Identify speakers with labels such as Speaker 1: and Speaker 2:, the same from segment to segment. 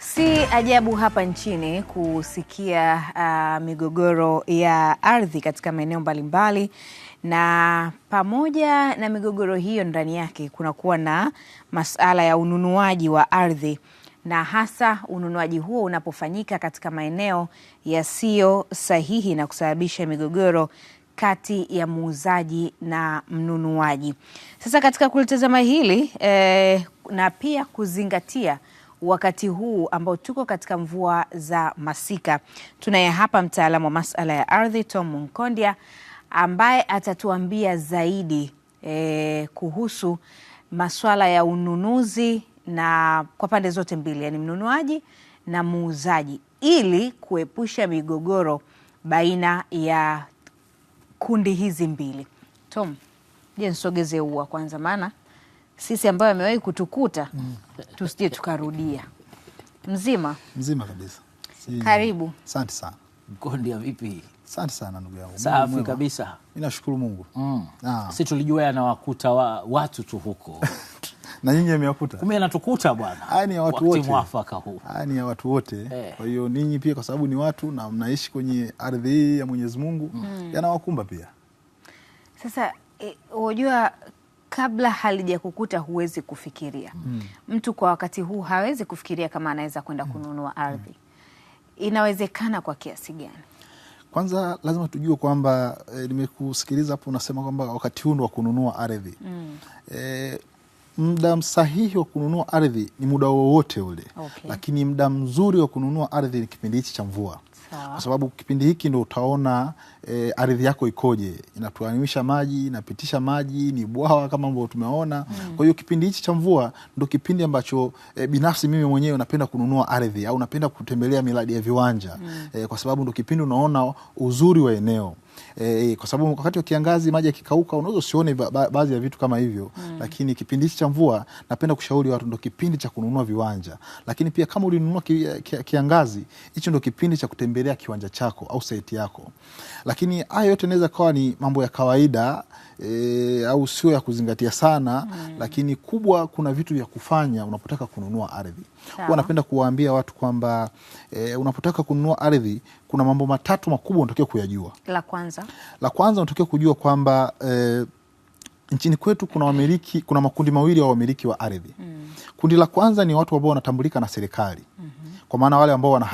Speaker 1: Si ajabu hapa nchini kusikia uh, migogoro ya ardhi katika maeneo mbalimbali, na pamoja na migogoro hiyo, ndani yake kunakuwa na masala ya ununuaji wa ardhi, na hasa ununuaji huo unapofanyika katika maeneo yasiyo sahihi na kusababisha migogoro kati ya muuzaji na mnunuaji. Sasa katika kulitazama hili eh, na pia kuzingatia wakati huu ambao tuko katika mvua za masika. Tunaye hapa mtaalamu wa masuala ya ardhi Tom Munkondia ambaye atatuambia zaidi e, kuhusu masuala ya ununuzi na kwa pande zote mbili, yani mnunuaji na muuzaji, ili kuepusha migogoro baina ya kundi hizi mbili. Tom, je, nisogeze ua kwanza maana sisi ambayo amewahi kutukuta mm. tusije tukarudia. Mzima
Speaker 2: mzima kabisa
Speaker 1: si... Karibu.
Speaker 2: Asante sana
Speaker 3: Mkondya, vipi?
Speaker 2: Asante sana ndugu yangu,
Speaker 3: safi kabisa.
Speaker 2: Mimi Mungu mm.
Speaker 3: Ah. si tulijua yanawakuta wa, watu tu huko
Speaker 2: na nyinyi amewakuta,
Speaker 3: kumbe anatukuta bwana.
Speaker 2: Haya ni ya watu wote,
Speaker 3: mwafaka huu.
Speaker 2: Haya ni ya watu wote eh. Kwa hiyo ninyi pia, kwa sababu ni watu na mnaishi kwenye ardhi hii ya Mwenyezi Mungu mm. yanawakumba pia.
Speaker 1: Sasa e, eh, unajua kabla halijakukuta huwezi kufikiria mm. Mtu kwa wakati huu hawezi kufikiria kama anaweza kwenda hmm. kununua hmm. ardhi mm. Inawezekana kwa kiasi gani?
Speaker 2: Kwanza lazima tujue kwamba e, nimekusikiliza hapo unasema kwamba wakati huu wa kununua ardhi mm. e, muda msahihi wa kununua ardhi ni muda wowote ule okay. Lakini muda mzuri wa kununua ardhi ni kipindi hichi cha mvua kwa sababu kipindi hiki ndo utaona e, ardhi yako ikoje, inatuamisha maji, inapitisha maji, ni bwawa kama ambavyo tumeona mm. Kwa hiyo kipindi hichi cha mvua ndo kipindi ambacho e, binafsi mimi mwenyewe napenda kununua ardhi au napenda kutembelea miradi ya viwanja mm. E, kwa sababu ndo kipindi unaona uzuri wa eneo e, kwa sababu wakati wa kiangazi maji yakikauka unaweza usione ba, ba, baadhi ya vitu kama hivyo mm. Lakini kipindi hichi cha mvua napenda kushauri watu, ndo kipindi cha kununua viwanja, lakini pia kama ulinunua ki, ki, kiangazi hicho ndo kipindi cha kutembelea kiwanja chako au saiti yako, lakini haya yote inaweza kawa ni mambo ya kawaida e, au sio ya kuzingatia sana mm. Lakini kubwa, kuna vitu vya kufanya unapotaka kununua ardhi. Huwa napenda kuwaambia watu kwamba e, unapotaka kununua ardhi kuna mambo matatu makubwa unatakiwa kuyajua. La kwanza, la kwanza unatakiwa kujua kwamba e, nchini kwetu kuna wamiliki, kuna makundi mawili ya wa wamiliki wa ardhi mm. Kundi la kwanza ni watu ambao wanatambulika na serikali mm -hmm. Kwa maana wale ambao wana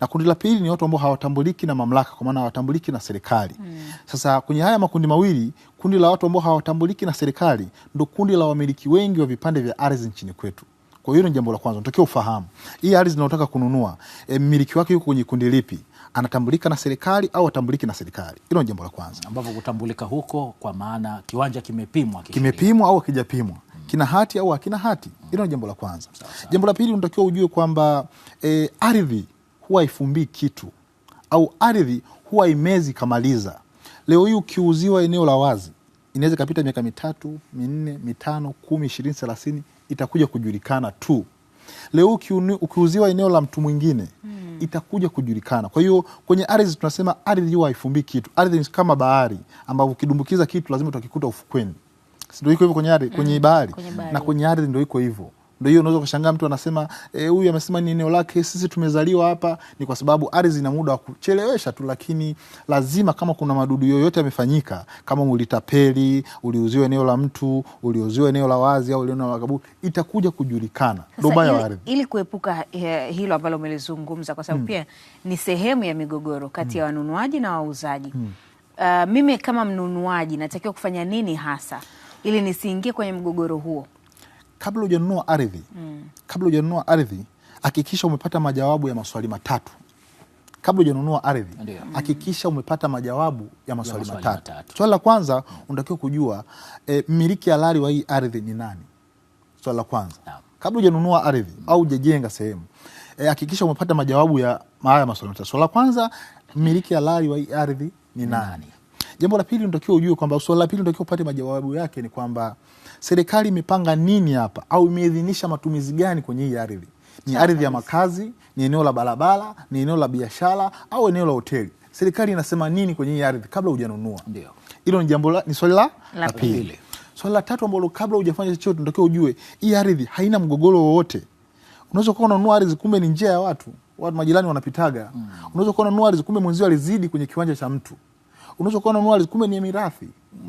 Speaker 2: na kundi la pili ni watu ambao hawatambuliki na mamlaka, kwa maana hawatambuliki na serikali mm. Sasa kwenye haya makundi mawili, kundi la watu ambao hawatambuliki na serikali ndo kundi la wamiliki wengi wa vipande vya ardhi nchini kwetu. Kwa hiyo ni jambo la kwanza natakiwa ufahamu, hii ardhi inayotaka kununua e, mmiliki wake yuko kwenye kundi lipi? Anatambulika na serikali au atambuliki na serikali? Hilo ni jambo la kwanza,
Speaker 3: ambapo kutambulika huko kwa maana kiwanja kimepimwa,
Speaker 2: kimepimwa au hakijapimwa mm. kina hati au hakina hati. Mm. Hilo ni jambo la kwanza. Jambo la pili unatakiwa ujue kwamba e, ardhi huwa haifumbii kitu au ardhi huwa imezi ikamaliza. Leo hii ukiuziwa eneo la wazi, inaweza ikapita miaka mitatu, minne, mitano, kumi, ishirini, thelathini, itakuja kujulikana tu. Leo ukiuziwa eneo la mtu mwingine mm. itakuja kujulikana. Kwa hiyo kwenye ardhi tunasema ardhi huwa haifumbii kitu. Ardhi ni kama bahari ambavyo ukidumbukiza kitu lazima utakikuta ufukweni, ndo iko hivyo kwenye ardhi, hmm. kwenye bahari, kwenye bahari na kwenye ardhi ndo iko hivyo. Ndio hiyo, unaweza kushangaa mtu anasema eh, huyu e, amesema ni eneo lake, sisi tumezaliwa hapa. Ni kwa sababu ardhi ina muda wa kuchelewesha tu, lakini lazima kama kuna madudu yoyote yamefanyika, kama ulitapeli, uliuziwa eneo la mtu, uliuziwa eneo la wazi au eneo la itakuja kujulikana
Speaker 1: ubaya wa ardhi. Ili kuepuka eh, hilo ambalo umelizungumza, kwa sababu hmm. pia ni sehemu ya migogoro kati hmm. ya wanunuaji na wauzaji hmm. Uh, mimi kama mnunuaji natakiwa kufanya nini hasa ili nisiingie kwenye mgogoro huo?
Speaker 2: kabla hujanunua ardhi mm. kabla hujanunua ardhi hakikisha umepata majawabu ya maswali matatu kabla hujanunua ardhi hakikisha umepata majawabu ya maswali matatu. Swali la kwanza unatakiwa kujua e, mmiliki halali wa hii ardhi ni nani? Swali la kwanza kabla hujanunua ardhi mm. au hujajenga sehemu eh, hakikisha e, umepata majawabu ya haya maswali matatu. Swali la kwanza mmiliki halali wa hii ardhi ni nani? nani? Jambo la pili unatakiwa ujue kwamba swali la pili unatakiwa upate majawabu yake ni kwamba serikali imepanga nini hapa au imeidhinisha matumizi gani kwenye hii ardhi? Ni ardhi ya makazi, ni eneo la barabara, ni eneo la biashara au eneo la hoteli? Serikali inasema nini kwenye hii ardhi kabla hujanunua? Ndio. Hilo ni jambo la ni swali la
Speaker 1: la pili.
Speaker 2: Swali la tatu ambalo kabla hujafanya chochote unatakiwa ujue hii ardhi haina mgogoro wowote. Unaweza kuwa unanunua ardhi kumbe ni njia ya watu, watu majirani wanapitaga. Mm. Unaweza kuwa unanunua ardhi kumbe mwenzio alizidi kwenye kiwanja cha mtu unaweza kuwa unanunua ardhi kumbe ni mirathi,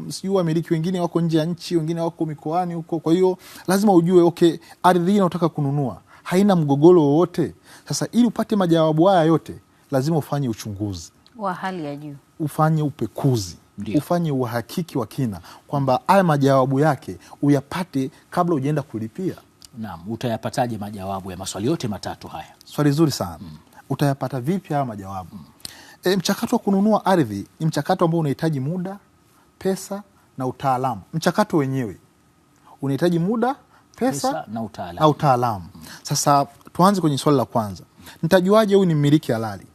Speaker 2: sijui wamiliki wengine wako nje ya nchi, wengine wako mikoani huko. Kwa hiyo lazima ujue okay, ardhi hii unataka kununua haina mgogoro wowote. Sasa ili upate majawabu haya yote, lazima ufanye uchunguzi
Speaker 1: wa hali ya juu,
Speaker 2: ufanye upekuzi Ndiyo. Ufanye uhakiki wa kina kwamba haya majawabu yake uyapate kabla ujaenda kulipia.
Speaker 3: Naam, utayapataje majawabu ya maswali yote matatu haya?
Speaker 2: Swali zuri sana mm. Utayapata vipi haya majawabu mm. E, mchakato wa kununua ardhi ni mchakato ambao unahitaji muda, pesa na utaalamu. Mchakato wenyewe unahitaji muda, pesa, pesa
Speaker 3: na utaalamu, na
Speaker 2: utaalamu. Sasa tuanze kwenye swali la kwanza, nitajuaje huyu ni mmiliki halali?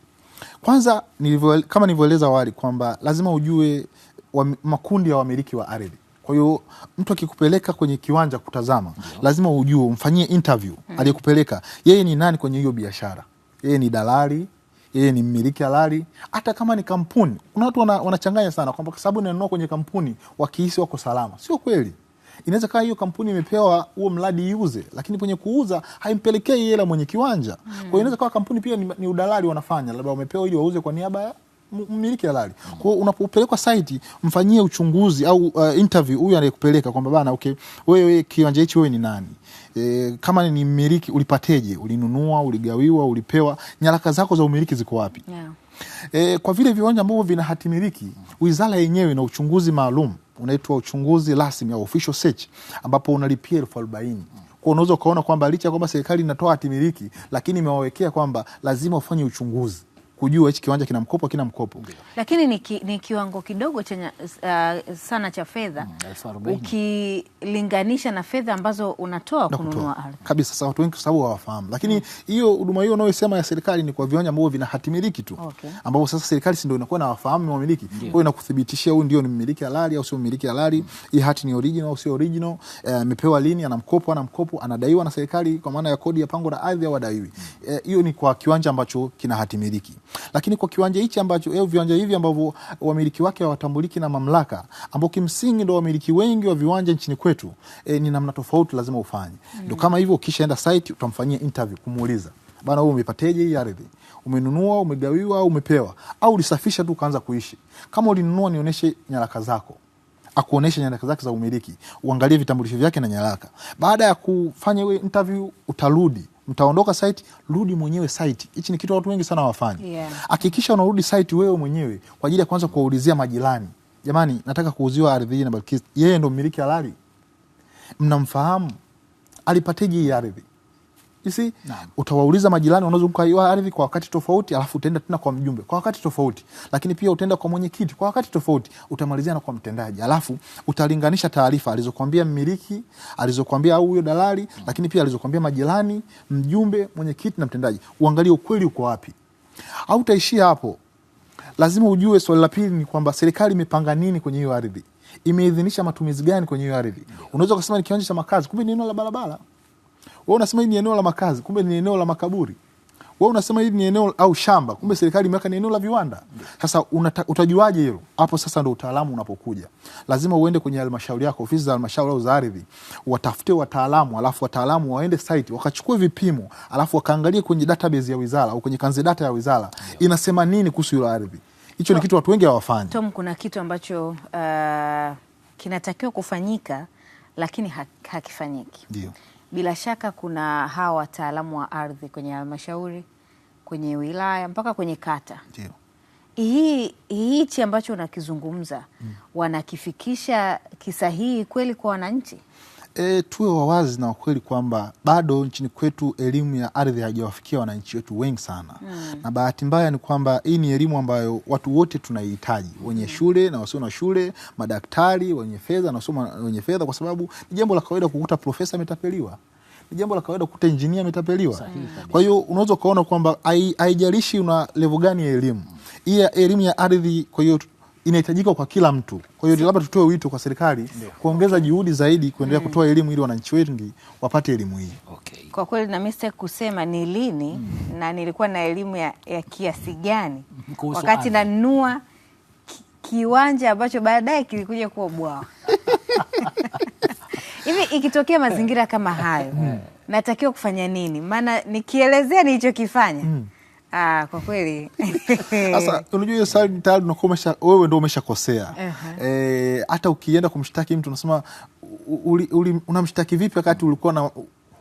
Speaker 2: Kwanza nilivyo, kama nilivyoeleza awali kwamba lazima ujue wa, makundi ya wamiliki wa ardhi. Kwa hiyo mtu akikupeleka kwenye kiwanja kutazama Jio. lazima ujue umfanyie interview hmm. aliyekupeleka yeye ni nani kwenye hiyo biashara, yeye ni dalali yeye ni mmiliki halali. Hata kama ni kampuni, kuna watu wanachanganya sana kwamba kwa sababu nanunua kwenye kampuni wakihisi wako salama. Sio kweli. Inaweza kawa hiyo kampuni imepewa huo mradi iuze, lakini kwenye kuuza haimpelekei hela mwenye kiwanja. mm. kwao inaweza kawa kampuni pia ni, ni udalali wanafanya, labda wamepewa ili wauze kwa niaba ya mmiliki halali. mm-hmm. kwao unapopelekwa saiti mfanyie uchunguzi au uh, interview huyu anayekupeleka kwamba bana, okay, wewe kiwanja hichi wewe ni nani? E, kama ni mmiliki ulipateje? Ulinunua, uligawiwa, ulipewa? Nyaraka zako za umiliki ziko wapi? yeah. E, kwa vile viwanja ambavyo vina hatimiliki wizara yenyewe na uchunguzi maalum unaitwa uchunguzi rasmi au official search, ambapo unalipia elfu arobaini kwa unaweza ukaona kwamba licha ya kwamba serikali inatoa hatimiliki lakini imewawekea kwamba lazima ufanye uchunguzi kujua hichi kiwanja kina mkopo kina mkopo,
Speaker 1: lakini ni, ki, ni kiwango kidogo chenye, uh, sana cha fedha mm, ukilinganisha na fedha ambazo unatoa kununua ardhi
Speaker 2: kabisa. Sasa watu wengi kwa sababu hawafahamu, lakini mm. hiyo mm, huduma hiyo unayosema ya serikali ni kwa viwanja ambavyo vina hatimiliki tu okay, ambapo sasa serikali si ndio inakuwa na wafahamu wamiliki, kwa hiyo inakuthibitishia huyu ndio ni mmiliki halali au sio mmiliki halali, mm, hii hati ni original au sio original, eh, amepewa lini, ana mkopo ana mkopo, anadaiwa na serikali kwa maana ya kodi ya pango la ardhi au adaiwi. Mm. Eh, hiyo mm, ni kwa kiwanja ambacho kina hatimiliki. Lakini kwa kiwanja hichi ambacho au eh, viwanja hivi ambavyo wamiliki wake hawatambuliki na mamlaka, ambao kimsingi ndo wamiliki wengi wa viwanja nchini kwetu, e, ni namna tofauti lazima ufanye mm. Ndo kama hivyo, ukishaenda site utamfanyia interview kumuuliza bana, wewe umepateje hii ardhi? Umenunua, umegawiwa au umepewa, au ulisafisha tu ukaanza kuishi? Kama ulinunua, nionyeshe nyaraka zako akuonesha nyaraka zake za umiliki, uangalie vitambulisho vyake na nyaraka. Baada ya kufanya hiyo interview, utarudi mtaondoka site, rudi mwenyewe site. Hichi ni kitu watu wengi sana wafanye Hakikisha yeah, unarudi site wewe mwenyewe kwa ajili ya kuanza kuwaulizia majirani, jamani, nataka kuuziwa ardhi hii na Balkis, yeye ndo mmiliki halali, mnamfahamu, alipateje hii ardhi FPC utawauliza majirani wanaozunguka hiyo ardhi kwa wakati tofauti, alafu utaenda tena kwa mjumbe kwa wakati tofauti, lakini pia utaenda kwa mwenyekiti kwa wakati tofauti, utamalizia na kwa mtendaji, alafu utalinganisha taarifa alizokwambia mmiliki, alizokwambia au huyo dalali mm. lakini pia alizokwambia majirani, mjumbe, mwenyekiti na mtendaji, uangalie ukweli uko wapi, au utaishia hapo. Lazima ujue, swali la pili ni kwamba serikali imepanga nini kwenye hiyo ardhi, imeidhinisha matumizi gani kwenye hiyo ardhi. Unaweza ukasema ni kiwanja cha makazi, kumbe ni eneo la barabara wewe unasema hili ni eneo la makazi, kumbe ni eneo la makaburi. We unasema hili ni eneo au shamba, kumbe serikali imeweka ni eneo la viwanda. Sasa utajuaje hilo? Hapo sasa ndo utaalamu unapokuja. Lazima uende kwenye halmashauri yako, ofisi za halmashauri au za ardhi, watafute wataalamu, alafu wataalamu waende site wakachukue vipimo, alafu wakaangalie kwenye database ya wizara au kwenye kanzi data ya wizara inasema nini kuhusu hilo ardhi. Hicho ni kitu watu wengi hawafanyi. Tom,
Speaker 1: kuna kitu ambacho uh, kinatakiwa kufanyika lakini hakifanyiki. Ndio. Bila shaka kuna hawa wataalamu wa ardhi kwenye halmashauri, kwenye wilaya, mpaka kwenye kata. Ndio hii hichi ambacho unakizungumza mm, wanakifikisha kisahihi kweli kwa wananchi?
Speaker 2: e, tuwe wawazi na wakweli kwamba bado nchini kwetu elimu ya ardhi haijawafikia wananchi wetu wengi sana mm. na bahati mbaya ni kwamba hii ni elimu ambayo watu wote tunaihitaji, wenye hmm. shule na wasio na shule, madaktari, wenye fedha na wasio wenye fedha, kwa sababu ni jambo la kawaida kukuta profesa ametapeliwa ni jambo la kawaida kukuta injinia ametapeliwa. Kwa hiyo unaweza ukaona kwamba haijalishi una levo gani ya elimu, hii elimu ya ardhi. Kwa hiyo inahitajika kwa kila mtu. Kwa hiyo labda tutoe wito kwa serikali kuongeza juhudi zaidi kuendelea mm. kutoa elimu ili wananchi wengi wapate elimu hii. Okay.
Speaker 1: Kwa kweli na mimi sitaki kusema ni lini mm. na nilikuwa na elimu ya, ya kiasi gani mm, wakati nanunua kiwanja ambacho baadaye kilikuja kuwa bwawa hivi ikitokea mazingira kama hayo mm. natakiwa kufanya nini? Maana nikielezea nilichokifanya mm. Ah, kwa kweli
Speaker 2: sasa unajua tayari wewe ndio umeshakosea eh, hata uh -huh. E, ukienda kumshtaki mtu unasema unamshtaki vipi wakati ulikuwa na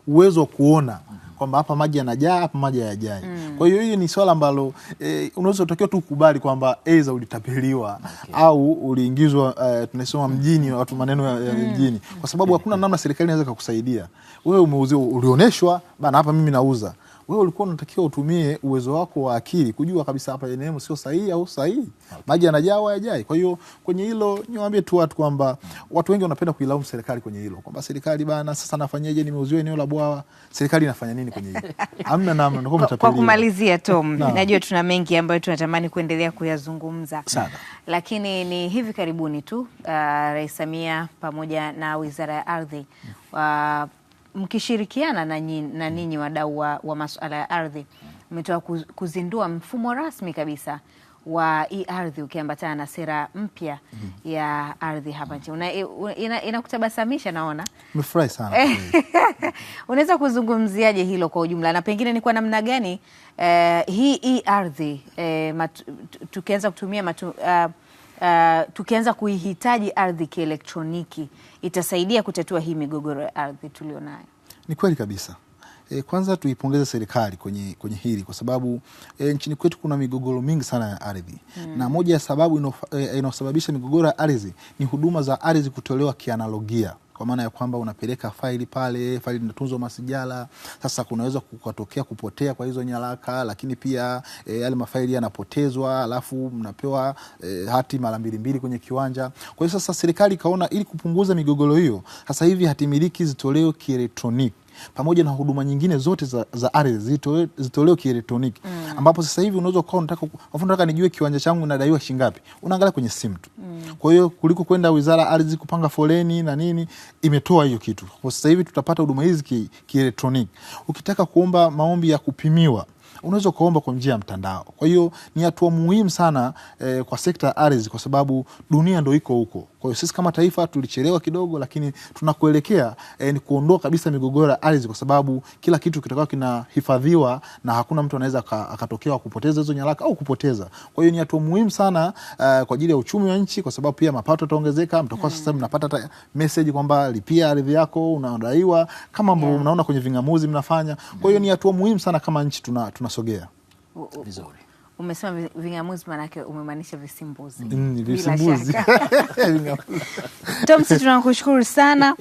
Speaker 2: uwezo wa kuona kwamba hapa maji yanajaa hapa maji hayajai. mm. Kwa hiyo hiyo ni swala ambalo e, unaweza utakiwa tu ukubali kwamba aidha ulitapeliwa, okay. au uliingizwa uh, tunasema mjini, watu maneno ya, ya mm. mjini, kwa sababu hakuna namna serikali inaweza kukusaidia wewe. Umeuzia, ulioneshwa bana, hapa mimi nauza wewe ulikuwa unatakiwa utumie uwezo wako wa akili kujua kabisa hapa eneo sio sahihi au sahihi, maji yanajaa au hayajai. Kwa hiyo kwenye hilo niwaambie tu watu kwamba watu wengi wanapenda kuilaumu serikali kwenye hilo kwamba serikali bana, sasa nafanyaje? Nimeuziwa eneo la bwawa, serikali inafanya nini kwenye hilo? Hamna namna.
Speaker 1: Kwa kumalizia, Tom, najua tuna mengi ambayo tunatamani kuendelea kuyazungumza sana, lakini ni hivi karibuni tu uh, Rais Samia pamoja na Wizara ya Ardhi uh, mkishirikiana na ninyi wadau wa, wa masuala ya ardhi mmetoa kuzindua mfumo rasmi kabisa wa hii ardhi ukiambatana na sera mpya ya ardhi hapa nchini. Inakutabasamisha ina, ina naona
Speaker 2: nimefurahi sana.
Speaker 1: Unaweza kuzungumziaje hilo kwa ujumla na pengine ni kwa namna gani eh, hii hii ardhi eh, tukianza kutumia matu, uh, uh, tukianza kuihitaji ardhi kielektroniki itasaidia kutatua hii migogoro ya ardhi tulionayo.
Speaker 2: Ni kweli kabisa. E, kwanza tuipongeze serikali kwenye, kwenye hili kwa sababu e, nchini kwetu kuna migogoro mingi sana ya ardhi mm. Na moja ya sababu e, inayosababisha migogoro ya ardhi ni huduma za ardhi kutolewa kianalogia kwa maana ya kwamba unapeleka faili pale, faili inatunzwa masijala. Sasa kunaweza kukatokea kupotea kwa hizo nyaraka, lakini pia e, yale mafaili yanapotezwa, alafu mnapewa e, hati mara mbili mbili kwenye kiwanja. Kwa hiyo sasa serikali ikaona ili kupunguza migogoro hiyo, sasa hivi hati miliki zitolewe kielektroniki pamoja na huduma nyingine zote za, za ardhi zitolewe kielektroniki mm. ambapo sasa hivi unaweza ukawa unataka nataka nijue kiwanja changu nadaiwa shingapi, unaangalia kwenye simu tu mm. kwa hiyo kuliko kwenda wizara ardhi kupanga foleni na nini, imetoa hiyo kitu. Kwa sasa hivi tutapata huduma hizi kielektroniki ki ukitaka kuomba maombi ya kupimiwa unaweza ukaomba kwa njia ya mtandao. Kwa hiyo ni hatua muhimu sana eh, kwa sekta ya ardhi, kwa sababu dunia ndo iko huko. Kwa hiyo sisi kama taifa tulichelewa kidogo, lakini tunakuelekea eh, ni kuondoa kabisa migogoro ya ardhi, kwa sababu kila kitu kitakuwa kinahifadhiwa na hakuna mtu anaweza akatokea kupoteza hizo nyaraka au kupoteza. Kwa hiyo ni hatua muhimu sana uh, kwa ajili ya uchumi wa nchi, kwa sababu pia mapato yataongezeka, mtakuwa sasa mm. mnapata hata message kwamba lipia ardhi yako, unadaiwa kama ambavyo yeah. mnaona kwenye ving'amuzi mnafanya. Kwa hiyo ni hatua muhimu sana kama nchi tunasogea tuna vizuri.
Speaker 1: Umesema ving'amuzi maanake umemaanisha visimbuzi. Mm, visimbuzi. tunakushukuru sana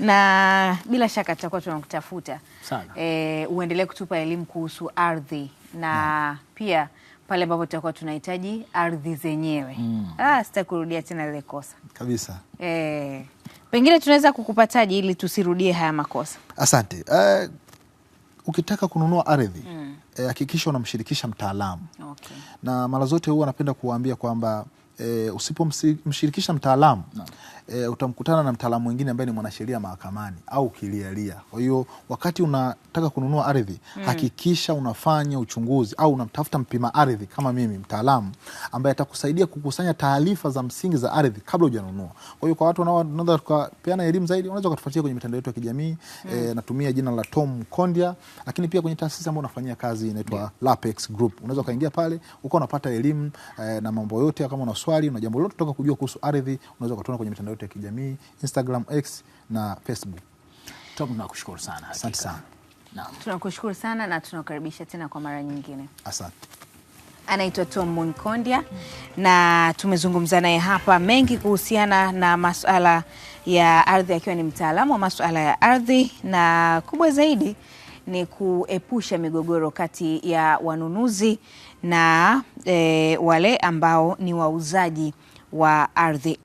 Speaker 1: na bila shaka tutakuwa tunakutafuta e, uendelee kutupa elimu kuhusu ardhi na mm. pia pale ambapo tutakuwa tunahitaji ardhi zenyewe mm. Ah, sitakurudia tena lile kosa
Speaker 2: kabisa. E,
Speaker 1: pengine tunaweza kukupataji ili tusirudie haya makosa?
Speaker 2: Asante. Uh, ukitaka kununua ardhi mm. Eh, hakikisha e, unamshirikisha mtaalamu okay. Na mara zote huwa anapenda kuwaambia kwamba e, eh, usipomshirikisha mtaalamu no e, utamkutana na mtaalamu mwingine ambaye ni mwanasheria mahakamani au kilialia. Kwa hiyo wakati unataka kununua ardhi mm. hakikisha unafanya uchunguzi au unamtafuta mpima ardhi kama mimi, mtaalamu ambaye atakusaidia kukusanya taarifa za msingi za ardhi kabla hujanunua. Kwa hiyo kwa watu wanaotaka tukapeana elimu zaidi, unaweza ukatufuatilia kwenye mitandao yetu ya kijamii mm. e, natumia jina la Tom Kondia, lakini pia kwenye taasisi ambayo unafanyia kazi inaitwa yeah. Lapex Group. Unaweza ukaingia pale ukawa unapata elimu e, na mambo yote, kama una swali una jambo lolote unataka kujua kuhusu ardhi, unaweza ukatona kwenye mitandao yote ya kijamii Instagram, X na Facebook. Tunakushukuru sana, asante sana. Naam,
Speaker 1: tunakushukuru sana na tunakukaribisha tena kwa mara nyingine, asante. Anaitwa Tom Munkondia na tumezungumza naye hapa mengi kuhusiana na masuala ya ardhi, akiwa ni mtaalamu wa masuala ya ardhi, na kubwa zaidi ni kuepusha migogoro kati ya wanunuzi na e, wale ambao ni wauzaji wa ardhi.